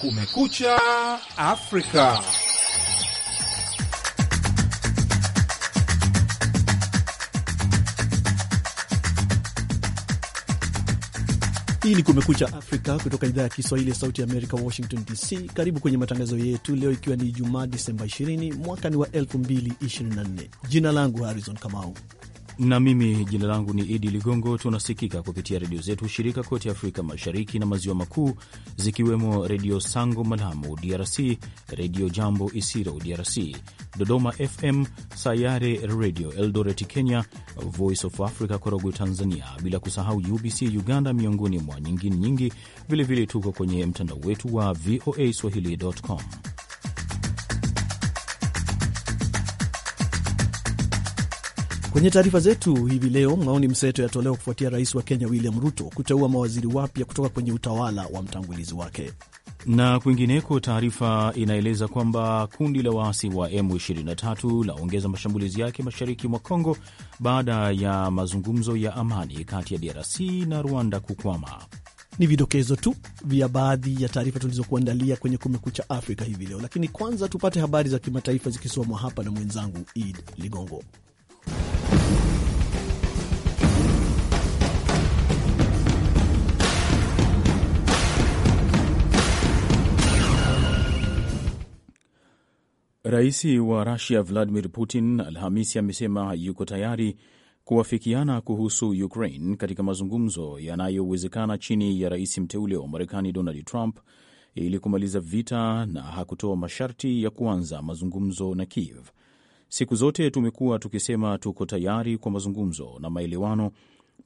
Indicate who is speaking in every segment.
Speaker 1: Kumekucha Afrika.
Speaker 2: Hii ni Kumekucha Afrika kutoka idhaa ya Kiswahili ya Sauti ya Amerika, Washington DC. Karibu kwenye matangazo yetu leo, ikiwa ni jumaa Disemba 20 mwaka ni wa 2024. Jina langu Harrison Kamau
Speaker 3: na mimi jina langu ni Idi Ligongo. Tunasikika kupitia redio zetu shirika kote Afrika Mashariki na Maziwa Makuu, zikiwemo Redio Sango Malamu DRC, Redio Jambo Isiro DRC, Dodoma FM, Sayare Redio Eldoret Kenya, Voice of Africa Korogwe Tanzania, bila kusahau UBC Uganda, miongoni mwa nyingine nyingi. Vilevile tuko kwenye mtandao wetu wa VOA swahili.com.
Speaker 2: Kwenye taarifa zetu hivi leo, maoni mseto yatolewa kufuatia rais wa Kenya William Ruto kuteua mawaziri wapya kutoka kwenye utawala wa mtangulizi wake.
Speaker 3: Na kwingineko, taarifa inaeleza kwamba kundi la waasi wa M23 laongeza mashambulizi yake mashariki mwa Kongo baada ya mazungumzo ya amani kati ya DRC na Rwanda kukwama.
Speaker 2: Ni vidokezo tu vya baadhi ya taarifa tulizokuandalia kwenye Kumekucha Afrika hivi leo, lakini kwanza tupate habari za kimataifa zikisomwa hapa na mwenzangu Id Ligongo.
Speaker 3: Rais wa Rusia Vladimir Putin Alhamisi amesema yuko tayari kuwafikiana kuhusu Ukraine katika mazungumzo yanayowezekana chini ya rais mteule wa Marekani Donald Trump ili kumaliza vita na hakutoa masharti ya kuanza mazungumzo na Kiev. Siku zote tumekuwa tukisema tuko tayari kwa mazungumzo na maelewano,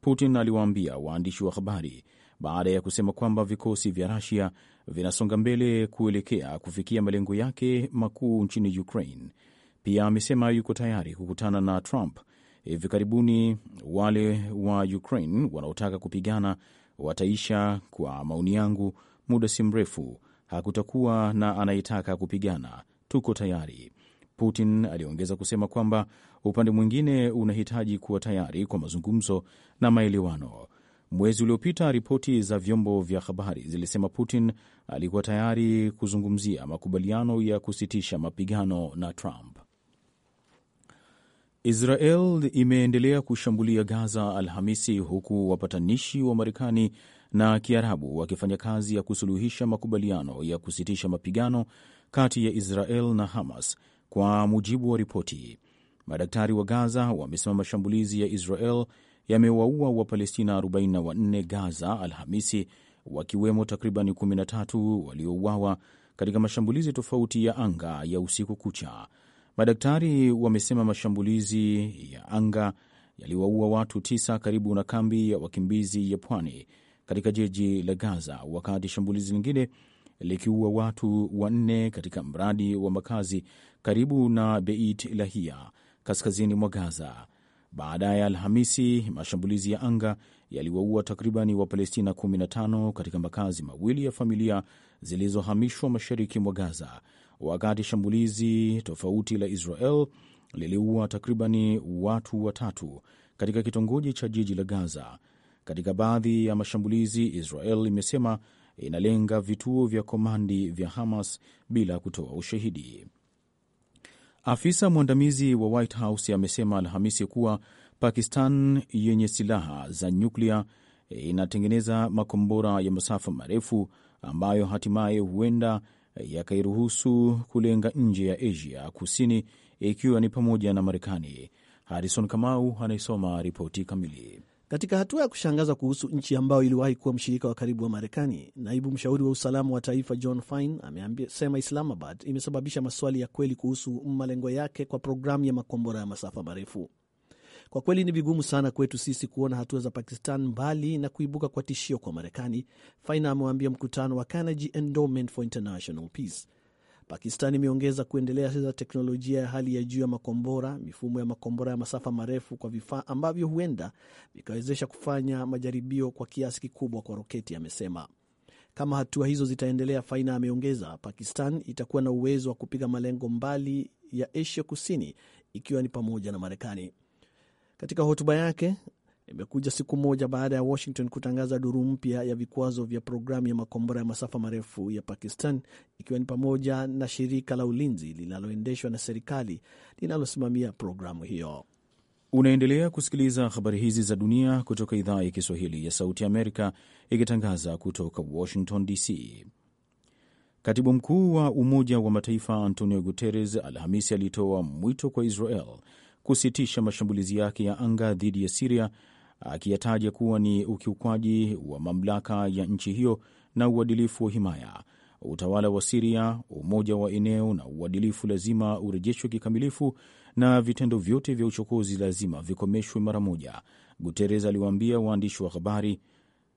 Speaker 3: Putin aliwaambia waandishi wa habari baada ya kusema kwamba vikosi vya Rusia vinasonga mbele kuelekea kufikia malengo yake makuu nchini Ukraine. Pia amesema yuko tayari kukutana na Trump hivi karibuni. Wale wa Ukraine wanaotaka kupigana wataisha, kwa maoni yangu, muda si mrefu. Hakutakuwa na anayetaka kupigana, tuko tayari. Putin aliongeza kusema kwamba upande mwingine unahitaji kuwa tayari kwa mazungumzo na maelewano. Mwezi uliopita, ripoti za vyombo vya habari zilisema Putin alikuwa tayari kuzungumzia makubaliano ya kusitisha mapigano na Trump. Israel imeendelea kushambulia Gaza Alhamisi, huku wapatanishi wa Marekani na Kiarabu wakifanya kazi ya kusuluhisha makubaliano ya kusitisha mapigano kati ya Israel na Hamas kwa mujibu wa ripoti, madaktari wa Gaza wamesema mashambulizi ya Israel yamewaua Wapalestina 44 Gaza Alhamisi, wakiwemo takriban 13 waliouawa katika mashambulizi tofauti ya anga ya usiku kucha. Madaktari wamesema mashambulizi ya anga yaliwaua watu tisa karibu na kambi ya wakimbizi ya pwani katika jiji la Gaza, wakati shambulizi lingine likiua watu wanne katika mradi wa makazi karibu na Beit Lahia kaskazini mwa Gaza. Baadaye Alhamisi, mashambulizi ya anga yaliwaua takribani Wapalestina 15 katika makazi mawili ya familia zilizohamishwa mashariki mwa Gaza, wakati shambulizi tofauti la Israel liliua takribani watu watatu katika kitongoji cha jiji la Gaza. Katika baadhi ya mashambulizi, Israel imesema inalenga vituo vya komandi vya Hamas bila kutoa ushahidi. Afisa mwandamizi wa White House amesema Alhamisi kuwa Pakistan yenye silaha za nyuklia inatengeneza makombora ya masafa marefu ambayo hatimaye huenda yakairuhusu kulenga nje ya Asia Kusini, ikiwa ni pamoja na Marekani. Harrison Kamau anaisoma ripoti kamili.
Speaker 2: Katika hatua ya kushangaza kuhusu nchi ambayo iliwahi kuwa mshirika wa karibu wa Marekani, naibu mshauri wa usalama wa taifa John Fine amesema Islamabad imesababisha maswali ya kweli kuhusu malengo yake kwa programu ya makombora ya masafa marefu. Kwa kweli ni vigumu sana kwetu sisi kuona hatua za Pakistan mbali na kuibuka kwa tishio kwa Marekani, Fine amewaambia mkutano wa Carnegie Endowment for International Peace. Pakistan imeongeza kuendelea za teknolojia ya hali ya juu ya makombora, mifumo ya makombora ya masafa marefu kwa vifaa ambavyo huenda vikawezesha kufanya majaribio kwa kiasi kikubwa kwa roketi, amesema. Kama hatua hizo zitaendelea, Faina ameongeza, Pakistan itakuwa na uwezo wa kupiga malengo mbali ya Asia Kusini, ikiwa ni pamoja na Marekani. Katika hotuba yake imekuja siku moja baada ya Washington kutangaza duru mpya ya vikwazo vya programu ya makombora ya masafa marefu ya Pakistan, ikiwa ni pamoja na shirika la ulinzi linaloendeshwa na serikali linalosimamia programu hiyo.
Speaker 3: Unaendelea kusikiliza habari hizi za dunia kutoka idhaa ya Kiswahili ya Sauti ya Amerika, ikitangaza kutoka Washington DC. Katibu mkuu wa Umoja wa Mataifa Antonio Guterres Alhamisi alitoa mwito kwa Israel kusitisha mashambulizi yake ya anga dhidi ya Siria akiyataja kuwa ni ukiukwaji wa mamlaka ya nchi hiyo na uadilifu wa himaya. Utawala wa Siria, umoja wa eneo na uadilifu lazima urejeshwe kikamilifu na vitendo vyote vya uchokozi lazima vikomeshwe mara moja, Guterres aliwaambia waandishi wa habari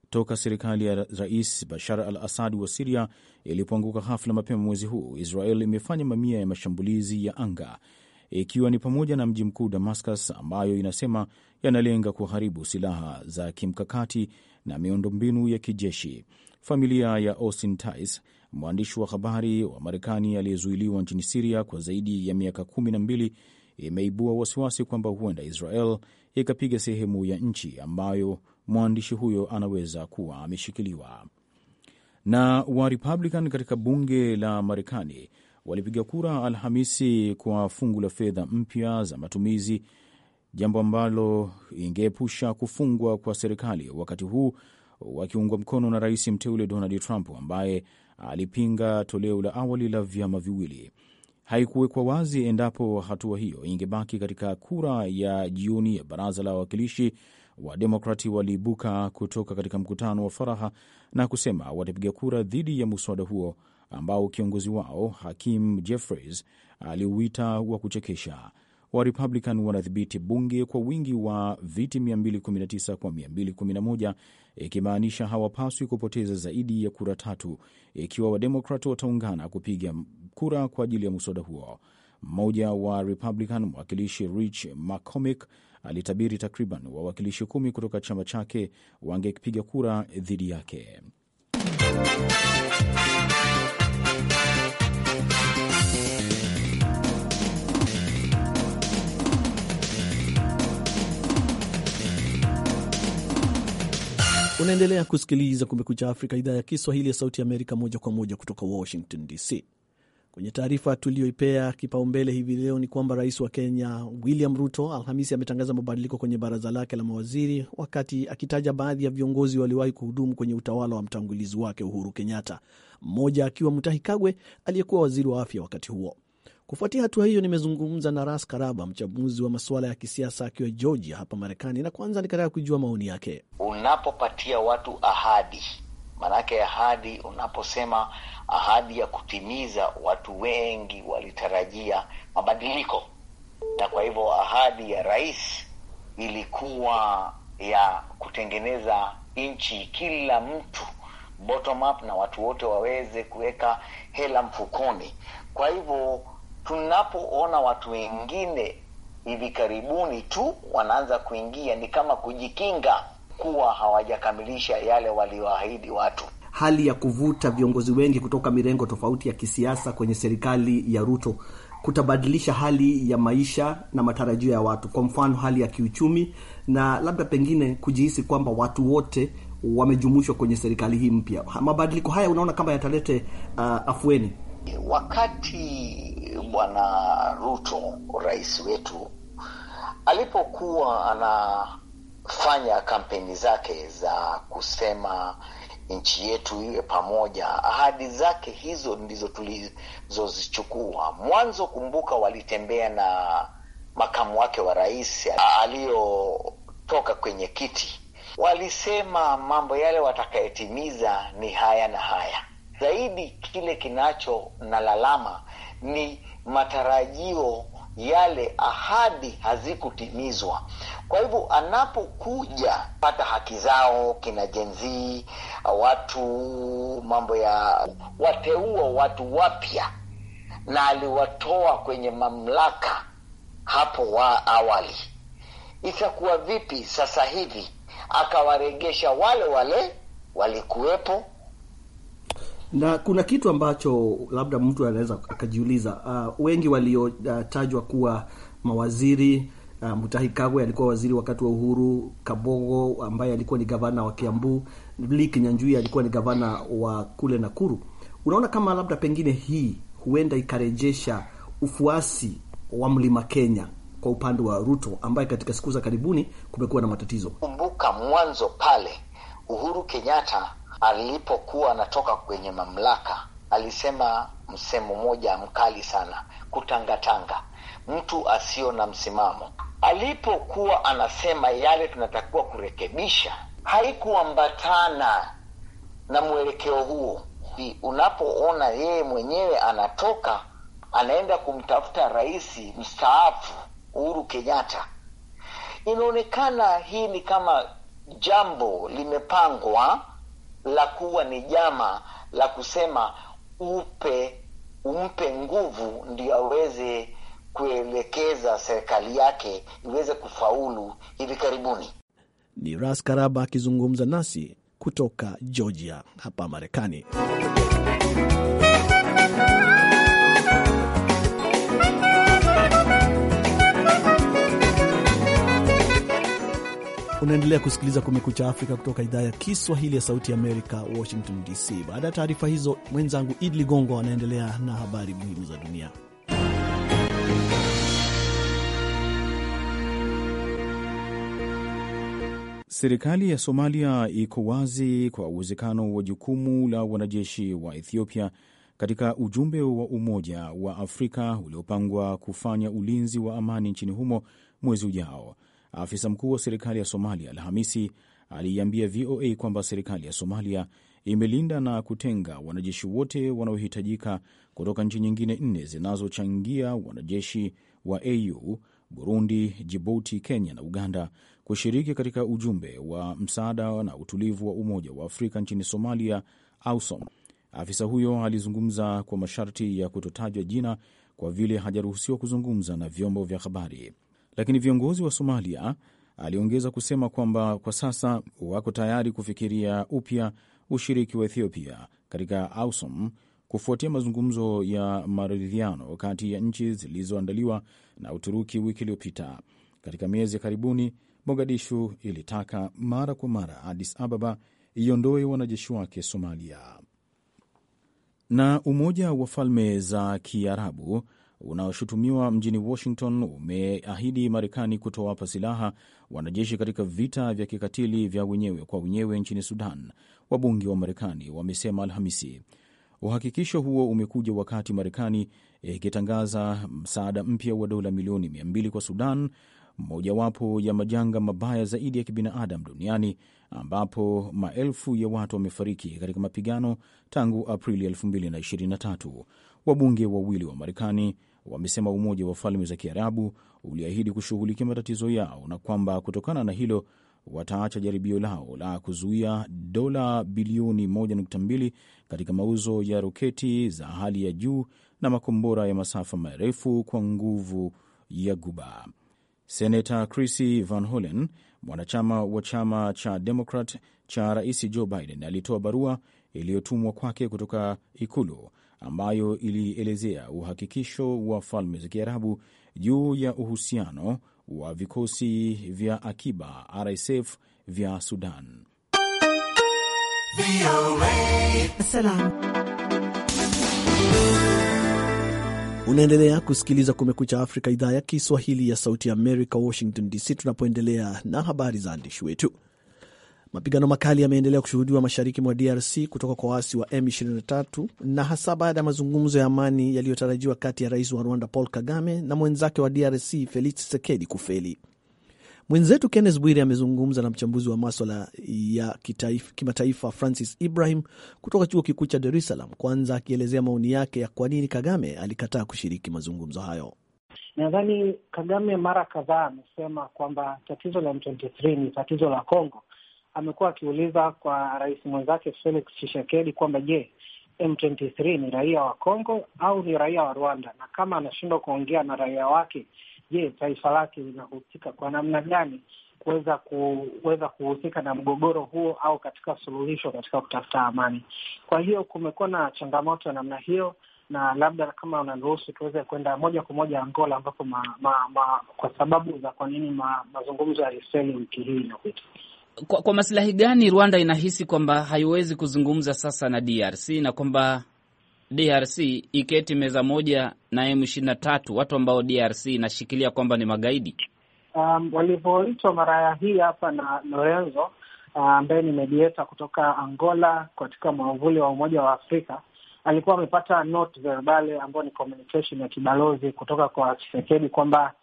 Speaker 3: toka serikali ya Rais Bashar al Assad wa Siria ilipoanguka hafla mapema mwezi huu, Israel imefanya mamia ya mashambulizi ya anga ikiwa ni pamoja na mji mkuu Damascus, ambayo inasema yanalenga kuharibu silaha za kimkakati na miundombinu ya kijeshi. Familia ya Austin Tice, mwandishi wa habari wa Marekani aliyezuiliwa nchini Siria kwa zaidi ya miaka kumi na mbili, imeibua wasiwasi kwamba huenda Israel ikapiga sehemu ya nchi ambayo mwandishi huyo anaweza kuwa ameshikiliwa. Na wa Republican katika bunge la Marekani walipiga kura Alhamisi kwa fungu la fedha mpya za matumizi, jambo ambalo ingeepusha kufungwa kwa serikali wakati huu wakiungwa mkono na rais mteule Donald Trump ambaye alipinga toleo la awali la vyama viwili. Haikuwekwa wazi endapo hatua hiyo ingebaki katika kura ya jioni ya baraza la wawakilishi. Wademokrati waliibuka kutoka katika mkutano wa faraha na kusema watapiga kura dhidi ya muswada huo ambao kiongozi wao Hakim Jeffries aliuita wa kuchekesha. Warepublican wanadhibiti bunge kwa wingi wa viti 219 kwa 211, ikimaanisha hawapaswi kupoteza zaidi ya kura tatu ikiwa wademokrat wataungana kupiga kura kwa ajili ya muswada huo. Mmoja wa Republican, mwakilishi Rich McCormick, alitabiri takriban wawakilishi kumi kutoka chama chake wangepiga kura dhidi yake.
Speaker 2: Unaendelea kusikiliza Kumekucha Afrika, idhaa ya Kiswahili ya Sauti ya Amerika, moja kwa moja kutoka Washington DC. Kwenye taarifa tuliyoipea kipaumbele hivi leo ni kwamba rais wa Kenya William Ruto Alhamisi ametangaza mabadiliko kwenye baraza lake la mawaziri, wakati akitaja baadhi ya viongozi waliowahi kuhudumu kwenye utawala wa mtangulizi wake Uhuru Kenyatta, mmoja akiwa Mutahi Kagwe aliyekuwa waziri wa afya wakati huo. Kufuatia hatua hiyo, nimezungumza na Ras Karaba, mchambuzi wa masuala ya kisiasa akiwa Georgia hapa Marekani, na kwanza nikataka kujua maoni yake.
Speaker 4: Unapopatia watu ahadi, maanake ahadi, unaposema ahadi ya kutimiza, watu wengi walitarajia mabadiliko, na kwa hivyo ahadi ya rais ilikuwa ya kutengeneza nchi, kila mtu bottom up, na watu wote waweze kuweka hela mfukoni. Kwa hivyo tunapoona watu wengine hivi karibuni tu wanaanza kuingia, ni kama kujikinga kuwa hawajakamilisha yale walioahidi watu.
Speaker 2: Hali ya kuvuta viongozi wengi kutoka mirengo tofauti ya kisiasa kwenye serikali ya Ruto kutabadilisha hali ya maisha na matarajio ya watu, kwa mfano hali ya kiuchumi, na labda pengine kujihisi kwamba watu wote wamejumuishwa kwenye serikali hii mpya. Mabadiliko haya unaona kama yatalete uh, afueni
Speaker 4: wakati Bwana Ruto, rais wetu, alipokuwa anafanya kampeni zake za kusema nchi yetu iwe pamoja, ahadi zake hizo ndizo tulizozichukua mwanzo. Kumbuka, walitembea na makamu wake wa rais aliyotoka kwenye kiti, walisema mambo yale watakayetimiza ni haya na haya zaidi. Kile kinacho na lalama ni matarajio yale, ahadi hazikutimizwa. Kwa hivyo anapokuja pata haki zao kina jenzii, watu mambo ya wateua watu wapya, na aliwatoa kwenye mamlaka hapo wa awali, itakuwa vipi sasa hivi akawaregesha wale wale walikuwepo
Speaker 2: na kuna kitu ambacho labda mtu anaweza akajiuliza. Uh, wengi waliotajwa ah, uh, kuwa mawaziri uh, Mutahi Kagwe alikuwa waziri wakati wa Uhuru, kabogo ambaye alikuwa ni gavana wa Kiambu, Lee Kinyanjui alikuwa ni gavana wa kule Nakuru. Unaona kama labda pengine hii huenda ikarejesha ufuasi wa Mlima Kenya kwa upande wa Ruto ambaye katika siku za karibuni kumekuwa na matatizo.
Speaker 4: Kumbuka mwanzo pale Uhuru Kenyatta alipokuwa anatoka kwenye mamlaka alisema msemo mmoja mkali sana, kutangatanga, mtu asiyo na msimamo. Alipokuwa anasema yale tunatakiwa kurekebisha, haikuambatana na mwelekeo huo. Unapoona yeye mwenyewe anatoka anaenda kumtafuta rais mstaafu Uhuru Kenyatta, inaonekana hii ni kama jambo limepangwa la kuwa ni jama la kusema upe umpe nguvu ndio aweze kuelekeza serikali yake iweze kufaulu hivi karibuni.
Speaker 2: Ni Ras Karaba akizungumza nasi kutoka Georgia hapa Marekani. Unaendelea kusikiliza Kumekucha Afrika kutoka idhaa ya Kiswahili ya Sauti Amerika, Washington DC. Baada ya taarifa hizo, mwenzangu Id Ligongo anaendelea na habari muhimu za dunia.
Speaker 3: Serikali ya Somalia iko wazi kwa uwezekano wa jukumu la wanajeshi wa Ethiopia katika ujumbe wa Umoja wa Afrika uliopangwa kufanya ulinzi wa amani nchini humo mwezi ujao. Afisa mkuu wa serikali ya Somalia Alhamisi aliiambia VOA kwamba serikali ya Somalia imelinda na kutenga wanajeshi wote wanaohitajika kutoka nchi nyingine nne zinazochangia wanajeshi wa AU: Burundi, Jibuti, Kenya na Uganda kushiriki katika ujumbe wa msaada na utulivu wa Umoja wa Afrika nchini Somalia, AUSOM. Afisa huyo alizungumza kwa masharti ya kutotajwa jina kwa vile hajaruhusiwa kuzungumza na vyombo vya habari lakini viongozi wa Somalia, aliongeza kusema kwamba kwa sasa wako tayari kufikiria upya ushiriki wa Ethiopia katika AUSOM kufuatia mazungumzo ya maridhiano kati ya nchi zilizoandaliwa na Uturuki wiki iliyopita. Katika miezi ya karibuni, Mogadishu ilitaka mara kwa mara Addis Ababa iondoe wanajeshi wake Somalia. Na Umoja wa Falme za Kiarabu unaoshutumiwa mjini Washington umeahidi Marekani kutowapa silaha wanajeshi katika vita vya kikatili vya wenyewe kwa wenyewe nchini Sudan, wabunge wa Marekani wamesema Alhamisi. Uhakikisho huo umekuja wakati Marekani ikitangaza e, msaada mpya wa dola milioni 200 kwa Sudan, mojawapo ya majanga mabaya zaidi ya kibinadamu duniani ambapo maelfu ya watu wamefariki katika mapigano tangu Aprili 2023. Wabunge wawili wa Marekani wamesema Umoja wa Falme za Kiarabu uliahidi kushughulikia matatizo yao na kwamba kutokana na hilo wataacha jaribio lao la kuzuia dola bilioni 1.2 katika mauzo ya roketi za hali ya juu na makombora ya masafa marefu kwa nguvu ya Guba. Senata Chrissy Van Hollen, mwanachama wa chama cha Demokrat cha Rais Joe Biden, alitoa barua iliyotumwa kwake kutoka ikulu ambayo ilielezea uhakikisho wa falme za Kiarabu juu ya uhusiano wa vikosi vya akiba RSF vya Sudan.
Speaker 2: Unaendelea kusikiliza Kumekucha Afrika, idhaa ya Kiswahili ya Sauti ya Amerika, Washington DC, tunapoendelea na habari za waandishi wetu. Mapigano makali yameendelea kushuhudiwa mashariki mwa DRC kutoka kwa waasi wa M23 na hasa baada ya mazungumzo ya amani yaliyotarajiwa kati ya rais wa Rwanda Paul Kagame na mwenzake wa DRC Felix Tshisekedi kufeli. Mwenzetu Kenneth Bwire amezungumza na mchambuzi wa maswala ya kimataifa Francis Ibrahim kutoka chuo kikuu cha Dar es Salaam, kwanza akielezea maoni yake ya kwa nini Kagame alikataa kushiriki mazungumzo hayo.
Speaker 5: Nadhani Kagame mara kadhaa amesema kwamba tatizo la M23 ni tatizo la Kongo amekuwa akiuliza kwa rais mwenzake Felix Tshisekedi kwamba je, M23 ni raia wa congo au ni raia wa Rwanda, na kama anashindwa kuongea na raia wake, je, taifa lake linahusika kwa namna gani kuweza kuweza kuhusika na mgogoro huo au katika suluhisho katika kutafuta amani. Kwa hiyo kumekuwa na changamoto ya namna hiyo, na labda kama unaruhusu tuweze kwenda moja kwa moja Angola, ambapo ma, ma, ma, kwa sababu za kwa nini ma, mazungumzo ya Reseli wiki hii inapita
Speaker 6: kwa, kwa masilahi gani Rwanda inahisi kwamba haiwezi kuzungumza sasa na DRC na kwamba DRC iketi meza moja na M ishiri na tatu, watu ambao DRC inashikilia kwamba ni magaidi?
Speaker 5: Um, walivyoitwa mara ya hii hapa na Lorenzo uh, ambaye uh, ni medieta kutoka Angola katika mwavuli wa Umoja wa Afrika alikuwa amepata note verbale ambayo ni communication ya kibalozi kutoka kwa Chisekedi kwamba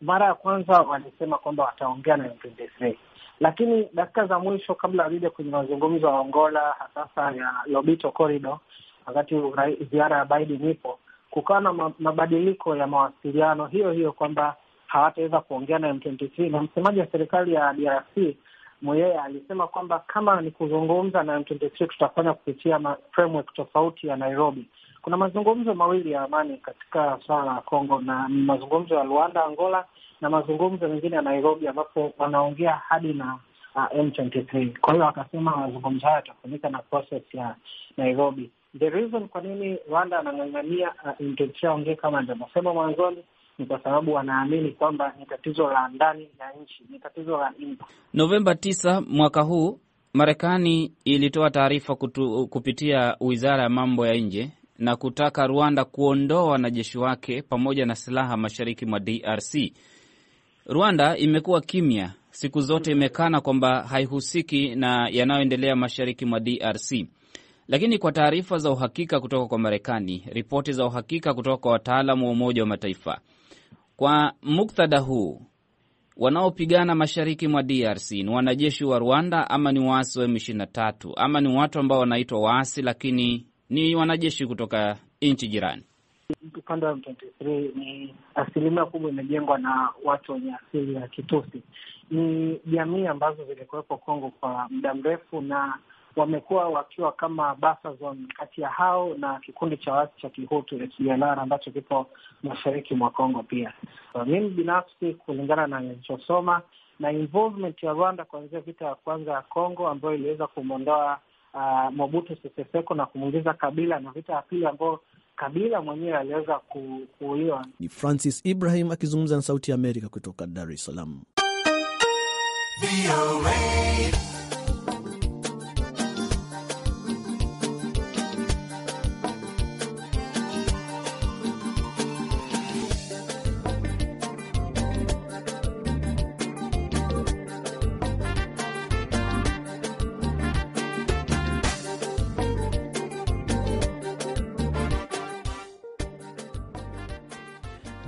Speaker 5: mara ya kwanza walisema kwamba wataongea na M23 lakini dakika za mwisho kabla arudi kwenye mazungumzo ya Angola, hasasa ya Lobito Corridor, wakati ziara ya Biden ipo, kukawa na mabadiliko ya mawasiliano hiyo hiyo kwamba hawataweza kuongea na M23 na msemaji wa serikali ya DRC Moyeye alisema kwamba kama ni kuzungumza na M23 tutafanya kupitia framework tofauti ya Nairobi. Kuna mazungumzo mawili ya amani katika swala la Kongo na mazungumzo ya Luanda, Angola na mazungumzo mengine ya Nairobi ambapo wanaongea hadi na uh, M23. Kwa hiyo wakasema mazungumzo hayo yatafanyika na process ya Nairobi. The reason kwa nini Rwanda anang'ang'ania m uh, aongee kama alivyosema mwanzoni ni kwa sababu wanaamini kwamba ni tatizo la ndani ya nchi, ni tatizo la impa.
Speaker 6: Novemba tisa mwaka huu Marekani ilitoa taarifa kupitia wizara ya mambo ya nje na kutaka Rwanda kuondoa wanajeshi wake pamoja na silaha mashariki mwa DRC. Rwanda imekuwa kimya siku zote, imekana kwamba haihusiki na yanayoendelea mashariki mwa DRC, lakini kwa taarifa za uhakika kutoka kwa Marekani, ripoti za uhakika kutoka kwa wataalamu wa Umoja wa Mataifa, kwa muktadha huu wanaopigana mashariki mwa DRC ni wanajeshi wa Rwanda ama ni waasi wa M23 ama ni watu ambao wanaitwa waasi, lakini ni wanajeshi kutoka nchi jirani
Speaker 5: upande wa M23 ni asilimia kubwa imejengwa na watu wenye asili ya Kitusi. Ni jamii ambazo zilikuwepo Kongo kwa muda mrefu na wamekuwa wakiwa kama buffer zone kati ya hao na kikundi cha watu cha Kihutu FDLR ambacho kipo mashariki mwa Kongo. Pia mimi binafsi, kulingana na nilichosoma na involvement ya Rwanda kuanzia vita ya kwanza ya Kongo ambayo iliweza kumwondoa uh, Mobutu Sese Seko na kumwingiza Kabila na vita ya pili ambayo Kabila mwenyewe aliweza kuuliwa.
Speaker 2: Ni Francis Ibrahim akizungumza na Sauti ya Amerika kutoka Dar es Salaam.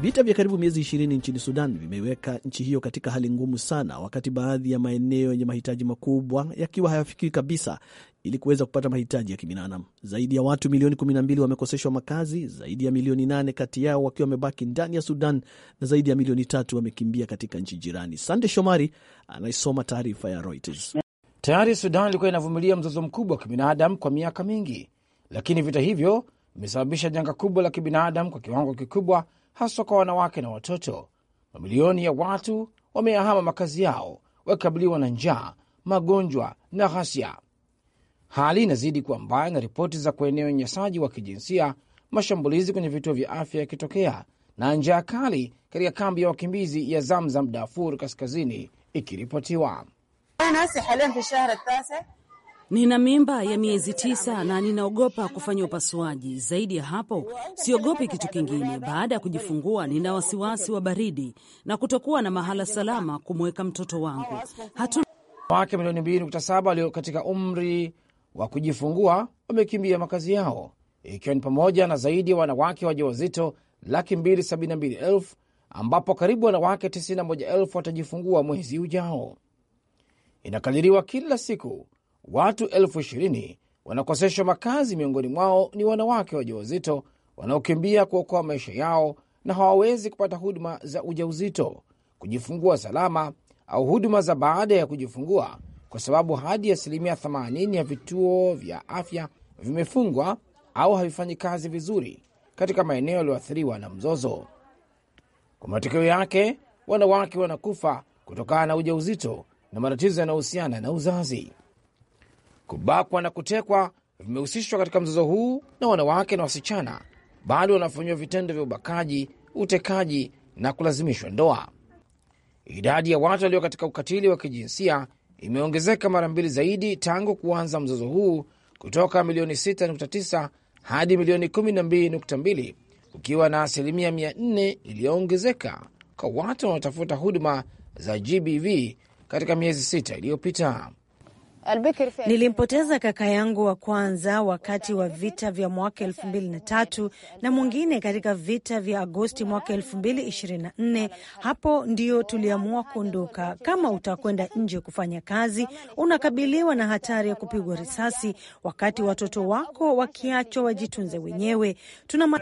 Speaker 2: Vita vya karibu miezi ishirini nchini Sudan vimeiweka nchi hiyo katika hali ngumu sana, wakati baadhi ya maeneo yenye mahitaji makubwa yakiwa hayafikiwi kabisa ili kuweza kupata mahitaji ya kibinadamu. Zaidi ya watu milioni 12 wamekoseshwa makazi, zaidi ya milioni 8 kati yao wakiwa wamebaki ndani ya Sudan na zaidi ya milioni tatu wamekimbia katika nchi jirani. Sande Shomari anaisoma taarifa ya Reuters. Tayari Sudan ilikuwa inavumilia mzozo mkubwa wa kibinadamu kwa miaka mingi, lakini vita hivyo
Speaker 7: vimesababisha janga kubwa la kibinadamu kwa kiwango kikubwa haswa kwa wanawake na watoto. Mamilioni ya watu wameyahama makazi yao wakikabiliwa na njaa, magonjwa na ghasia. Hali inazidi kuwa mbaya na ripoti za kuenea unyanyasaji wa kijinsia, mashambulizi kwenye vituo vya afya yakitokea na njaa kali katika kambi ya wakimbizi ya Zamzam, Darfur Kaskazini ikiripotiwa.
Speaker 8: Nina mimba ya miezi tisa na ninaogopa kufanya upasuaji. Zaidi ya hapo, siogopi kitu kingine. Baada ya kujifungua, nina wasiwasi wa baridi na kutokuwa na mahala salama kumweka mtoto wangu. Hatuna wake milioni mbili nukta
Speaker 7: saba walio katika umri wa kujifungua wamekimbia makazi yao, ikiwa ni pamoja na zaidi ya wanawake wajawazito laki mbili sabini na mbili elfu ambapo karibu wanawake tisini na moja elfu watajifungua mwezi ujao. Inakadiriwa kila siku watu elfu ishirini wanakoseshwa makazi, miongoni mwao ni wanawake wajawazito wanaokimbia kuokoa maisha yao na hawawezi kupata huduma za ujauzito, kujifungua salama au huduma za baada ya kujifungua, kwa sababu hadi asilimia 80 ya vituo vya afya vimefungwa au havifanyi kazi vizuri katika maeneo yaliyoathiriwa na mzozo. Kwa matokeo yake, wanawake wanakufa kutokana na ujauzito na matatizo yanayohusiana na uzazi. Kubakwa na kutekwa vimehusishwa katika mzozo huu, na wanawake na wasichana bado wanafanyiwa vitendo vya ubakaji, utekaji na kulazimishwa ndoa. Idadi ya watu walio katika ukatili wa kijinsia imeongezeka mara mbili zaidi tangu kuanza mzozo huu kutoka milioni 6.9 hadi milioni 12.2 ukiwa na asilimia 400 iliyoongezeka kwa watu wanaotafuta huduma za GBV katika miezi sita iliyopita.
Speaker 8: Nilimpoteza kaka yangu wa kwanza wakati wa vita vya mwaka elfu mbili na tatu na mwingine katika vita vya Agosti mwaka elfu mbili ishirini na nne. Hapo ndio tuliamua kuondoka. Kama utakwenda nje kufanya kazi, unakabiliwa na hatari ya kupigwa risasi, wakati watoto wako wakiachwa wajitunze wenyewe. Tuna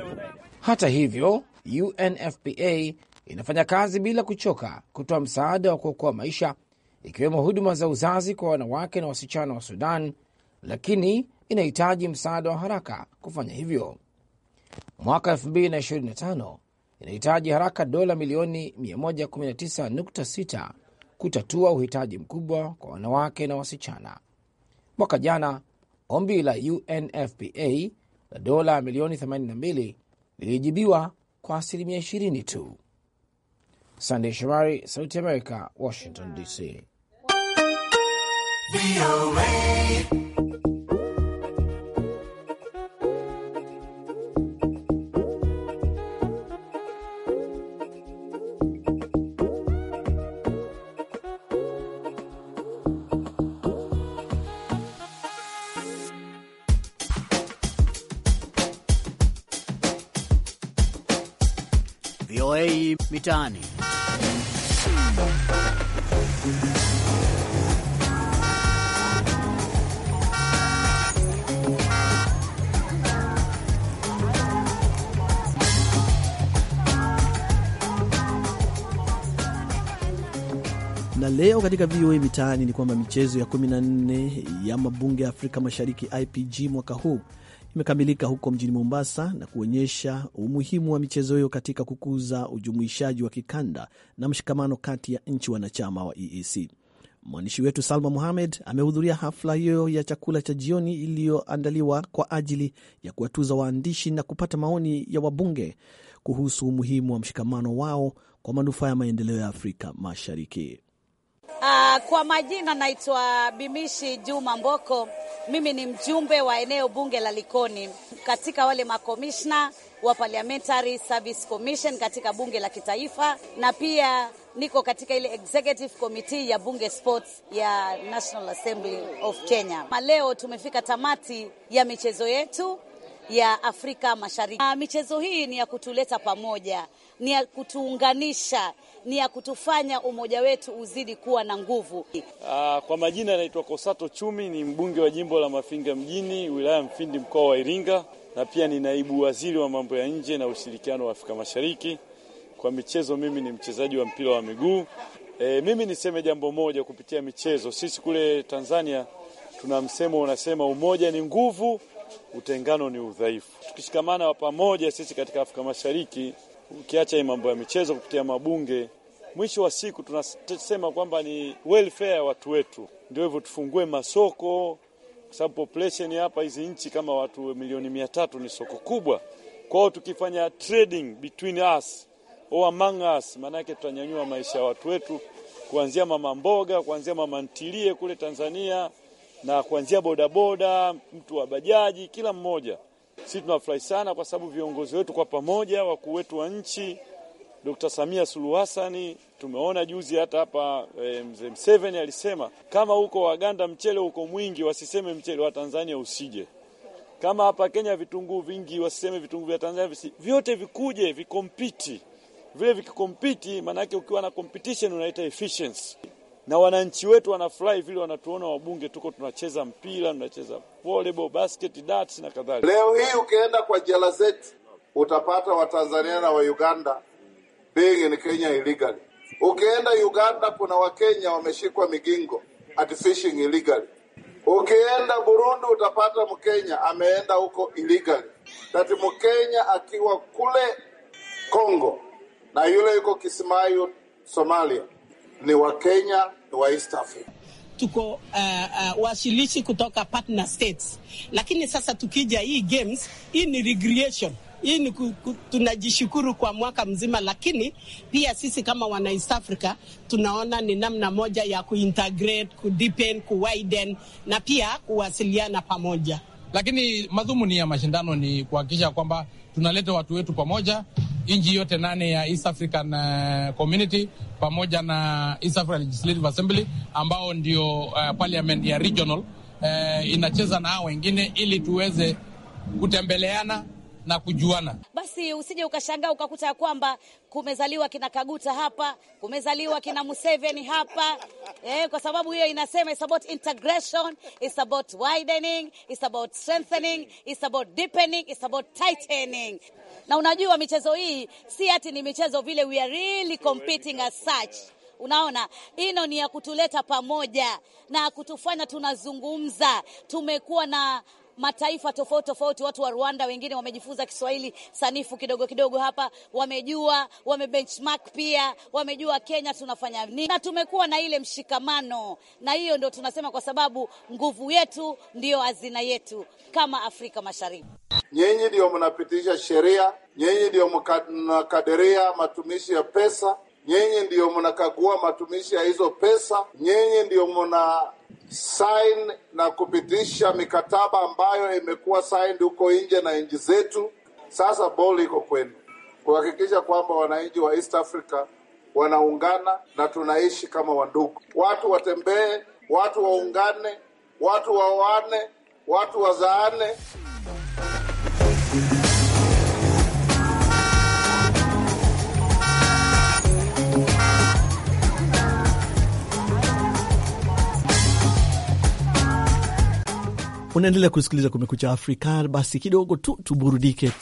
Speaker 7: hata hivyo UNFPA inafanya kazi bila kuchoka kutoa msaada wa kuokoa maisha ikiwemo huduma za uzazi kwa wanawake na wasichana wa Sudan, lakini inahitaji msaada wa haraka kufanya hivyo. Mwaka 2025 inahitaji haraka dola milioni 119.6 kutatua uhitaji mkubwa kwa wanawake na wasichana. Mwaka jana ombi la UNFPA la dola milioni 82 lilijibiwa kwa asilimia 20 tu. Sandey Shomari, Sauti ya Amerika, Washington DC.
Speaker 5: VOA
Speaker 4: Mitaani.
Speaker 2: na leo katika VOA Mitaani ni kwamba michezo ya 14 ya mabunge ya Afrika Mashariki IPG mwaka huu imekamilika huko mjini Mombasa na kuonyesha umuhimu wa michezo hiyo katika kukuza ujumuishaji wa kikanda na mshikamano kati ya nchi wanachama wa EAC. Mwandishi wetu Salma muhamed amehudhuria hafla hiyo ya chakula cha jioni iliyoandaliwa kwa ajili ya kuwatuza waandishi na kupata maoni ya wabunge kuhusu umuhimu wa mshikamano wao kwa manufaa ya maendeleo ya Afrika Mashariki.
Speaker 8: Uh, kwa majina naitwa Bimishi Juma Mboko. Mimi ni mjumbe wa eneo bunge la Likoni katika wale makomishna wa Parliamentary Service Commission katika bunge la kitaifa na pia niko katika ile executive committee ya bunge sports ya National Assembly of Kenya. Leo tumefika tamati ya michezo yetu ya Afrika Mashariki. Na michezo hii ni ya kutuleta pamoja, ni ya kutuunganisha, ni ya kutufanya umoja wetu uzidi kuwa na nguvu.
Speaker 9: Aa, ah, kwa majina yanaitwa Kosato Chumi, ni mbunge wa jimbo la Mafinga mjini, wilaya Mfindi, mkoa wa Iringa, na pia ni naibu waziri wa mambo ya nje na ushirikiano wa Afrika Mashariki. Kwa michezo, mimi ni mchezaji wa mpira wa miguu. E, mimi niseme jambo moja kupitia michezo. Sisi kule Tanzania tuna msemo unasema, umoja ni nguvu utengano ni udhaifu. Tukishikamana pamoja sisi katika Afrika Mashariki, ukiacha hii mambo ya michezo kupitia mabunge, mwisho wa siku tunasema kwamba ni welfare ya watu wetu, ndio hivyo, tufungue masoko kwa sababu population hapa hizi nchi kama watu milioni mia tatu ni soko kubwa. Kwa hiyo tukifanya trading between us or among us, yake tutanyanyua maisha ya watu wetu, kuanzia mama mboga, kuanzia mama ntilie kule Tanzania na kuanzia bodaboda, mtu wa bajaji, kila mmoja. Sisi tunafurahi sana kwa sababu viongozi wetu kwa pamoja, wakuu wetu wa nchi, Dr. Samia Suluhu Hassan, tumeona juzi hata hapa e, mzee Mseveni alisema kama huko Waganda mchele uko mwingi, wasiseme mchele wa Tanzania usije kama hapa Kenya vitunguu vingi wasiseme vitunguu vya Tanzania visi, vyote vikuje vikompiti. Vile vikikompiti, maana yake ukiwa na competition unaita efficiency na wananchi wetu wanafurahi vile wanatuona wabunge tuko tunacheza mpira, tunacheza volleyball, basket, darts na kadhalika. Leo hii ukienda kwa jela
Speaker 1: zetu utapata Watanzania na Wauganda being in Kenya illegally. Ukienda Uganda kuna Wakenya wameshikwa migingo at fishing illegally. Ukienda Burundi utapata Mkenya ameenda huko illegally. Tati Mkenya akiwa kule Kongo na yule yuko Kismayo Somalia ni Wakenya, ni wa East Africa
Speaker 2: tuko uh, uh, washilishi kutoka partner states, lakini sasa tukija hii games hii ni recreation hii ni tunajishukuru kwa mwaka mzima, lakini pia sisi kama wana East Africa tunaona ni namna moja ya kuintegrate, kudeepen, kuwiden na pia kuwasiliana pamoja.
Speaker 7: Lakini madhumuni ya mashindano ni kuhakikisha kwamba tunaleta watu wetu pamoja nchi yote nane ya East African uh, Community pamoja na East African Legislative Assembly ambao ndio uh, parliament ya regional uh, inacheza na hao wengine ili tuweze kutembeleana na kujuana.
Speaker 8: Basi usije ukashangaa ukakuta ya kwamba kumezaliwa kina Kaguta hapa, kumezaliwa kina Museveni hapa eh, kwa sababu hiyo inasema it's about integration, it's about widening, it's about strengthening, it's about deepening, it's about tightening. Na unajua michezo hii si ati ni michezo vile, we are really competing as such. Unaona, ino ni ya kutuleta pamoja na kutufanya tunazungumza, tumekuwa na mataifa tofauti tofauti, watu wa Rwanda wengine wamejifunza Kiswahili sanifu kidogo kidogo hapa, wamejua wamebenchmark, pia wamejua Kenya tunafanya nini, na tumekuwa na ile mshikamano, na hiyo ndio tunasema, kwa sababu nguvu yetu ndiyo hazina yetu kama Afrika Mashariki.
Speaker 1: Nyinyi ndio mnapitisha sheria, nyinyi ndio mnakadiria matumizi ya pesa, nyinyi ndio mnakagua matumizi ya hizo pesa, nyinyi ndio mna sign na kupitisha mikataba ambayo imekuwa signed huko nje na nchi zetu. Sasa boli iko kwenu kuhakikisha kwamba wananchi wa East Africa wanaungana na tunaishi kama wandugu. Watu watembee, watu waungane, watu waoane, watu wazaane.
Speaker 2: Unaendelea kusikiliza Kumekucha Afrika. Basi kidogo tu tuburudike.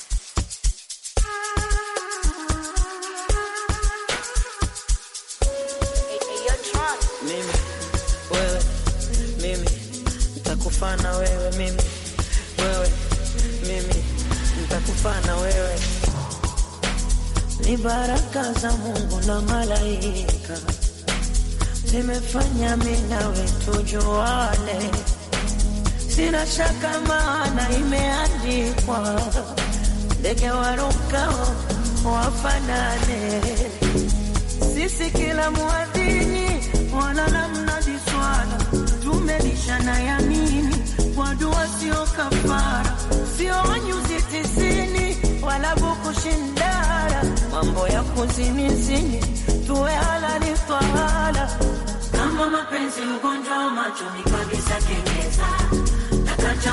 Speaker 8: Ni baraka za Mungu na malaika zimefanya mimi nawe tujuane sina shaka, maana imeandikwa ndege warukao wafanane. Sisi kila mwadhini wala mnadiswana tumelisha na yamini kwa dua, sio kafara, sio nyuzi tisini wala shindara, mambo ya kuzinizini tuwe halali twala, kama mapenzi ugonjwa macho ni kabisa kengeza Nitacha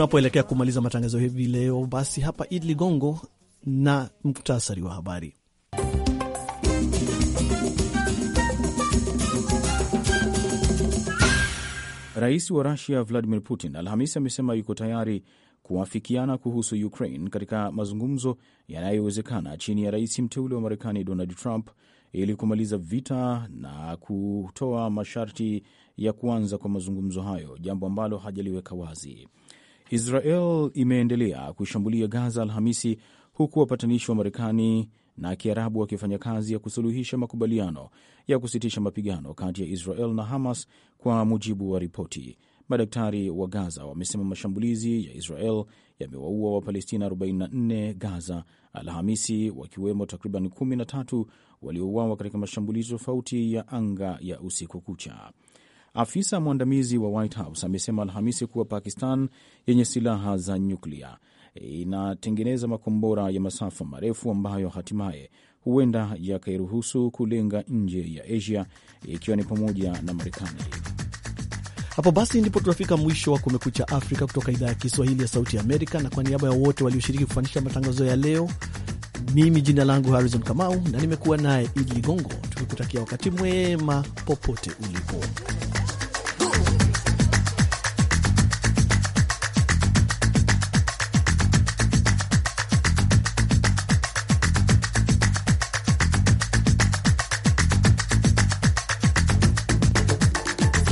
Speaker 2: tunapoelekea kumaliza matangazo hivi leo, basi hapa Id Ligongo na muktasari wa habari.
Speaker 3: Rais wa Rusia Vladimir Putin Alhamisi amesema yuko tayari kuafikiana kuhusu Ukraine katika mazungumzo yanayowezekana chini ya rais mteule wa Marekani Donald Trump ili kumaliza vita na kutoa masharti ya kuanza kwa mazungumzo hayo, jambo ambalo hajaliweka wazi. Israel imeendelea kuishambulia Gaza Alhamisi, huku wapatanishi wa Marekani na Kiarabu wakifanya kazi ya kusuluhisha makubaliano ya kusitisha mapigano kati ya Israel na Hamas. Kwa mujibu wa ripoti, madaktari wa Gaza wamesema mashambulizi ya Israel yamewaua Wapalestina 44 Gaza Alhamisi, wakiwemo takriban 13 waliouawa katika mashambulizi tofauti ya anga ya usiku kucha. Afisa mwandamizi wa White House amesema Alhamisi kuwa Pakistan yenye silaha za nyuklia inatengeneza makombora ya masafa marefu ambayo hatimaye huenda yakairuhusu kulenga nje ya Asia ikiwa ni pamoja na Marekani.
Speaker 2: Hapo basi ndipo tunafika mwisho wa Kumekucha Afrika kutoka idhaa ya Kiswahili ya Sauti ya Amerika, na kwa niaba ya wote walioshiriki kufanisha matangazo ya leo, mimi jina langu Harrison Kamau na nimekuwa naye Idi Ligongo, tukikutakia wakati mwema popote ulipo.